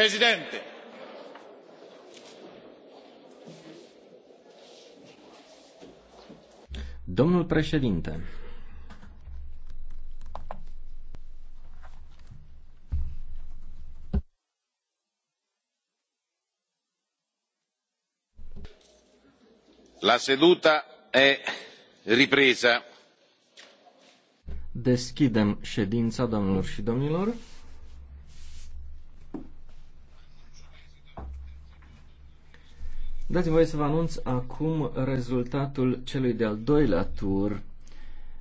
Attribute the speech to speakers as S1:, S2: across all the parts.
S1: președinte domnul președinte la seduta e ripresa deschidem ședința doamnelor și domnilor Dați-mi voie să vă anunț acum rezultatul celui de-al doilea tur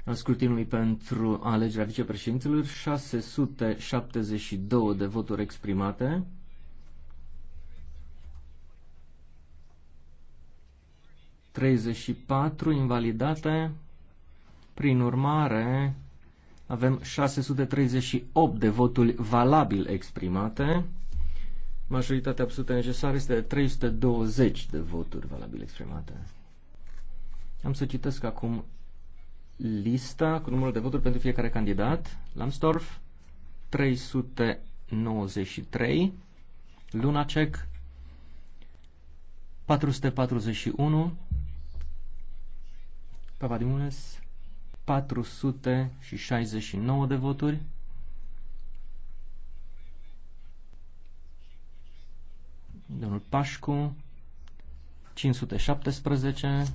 S1: al scrutinului pentru alegerea vicepreședintelor, 672 de voturi exprimate. ...34 invalidate, prin urmare avem 638 de voturi valabil exprimate. Majoritatea absolută necesară este de 320 de voturi valabile exprimate. Am să citesc acum lista cu numărul de voturi pentru fiecare candidat. Lambsdorff 393, Lunacek 441, Papadimules 469 de voturi, domnul Pașcu, 517,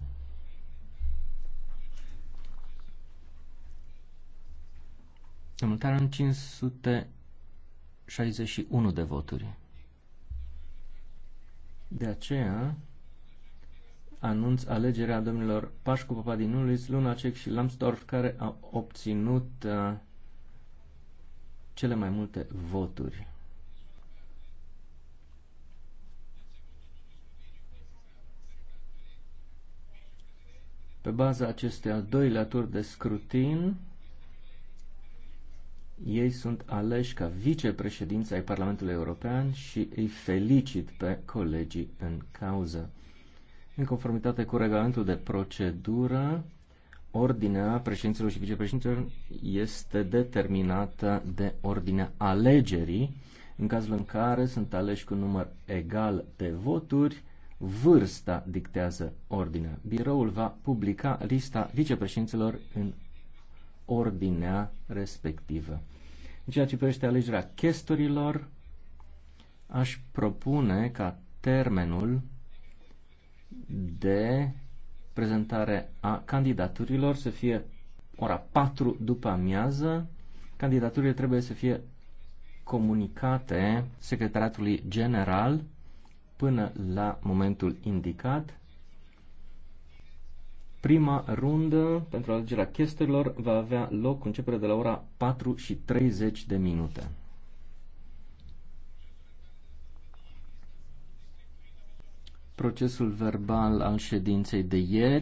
S1: domnul Taran, 561 de voturi. De aceea, anunț alegerea domnilor Pașcu Papadinulis, Lunacek și Lambsdorff, care au obținut uh, cele mai multe voturi. Pe baza acestei al doilea tur de scrutin, ei sunt aleși ca vicepreședinți ai Parlamentului European și îi felicit pe colegii în cauză. În conformitate cu regulamentul de procedură, ordinea președinților și vicepreședinților este determinată de ordinea alegerii, în cazul în care sunt aleși cu număr egal de voturi, Vârsta dictează ordinea. Biroul va publica lista vicepreședinților în ordinea respectivă. În ceea ce privește alegerea chestorilor, aș propune ca termenul de prezentare a candidaturilor să fie ora 4 după amiază. Candidaturile trebuie să fie comunicate secretariatului general până la momentul indicat. Prima rundă pentru alegerea chesterilor va avea loc începere de la ora 4 și 30 de minute. Procesul verbal al ședinței de ieri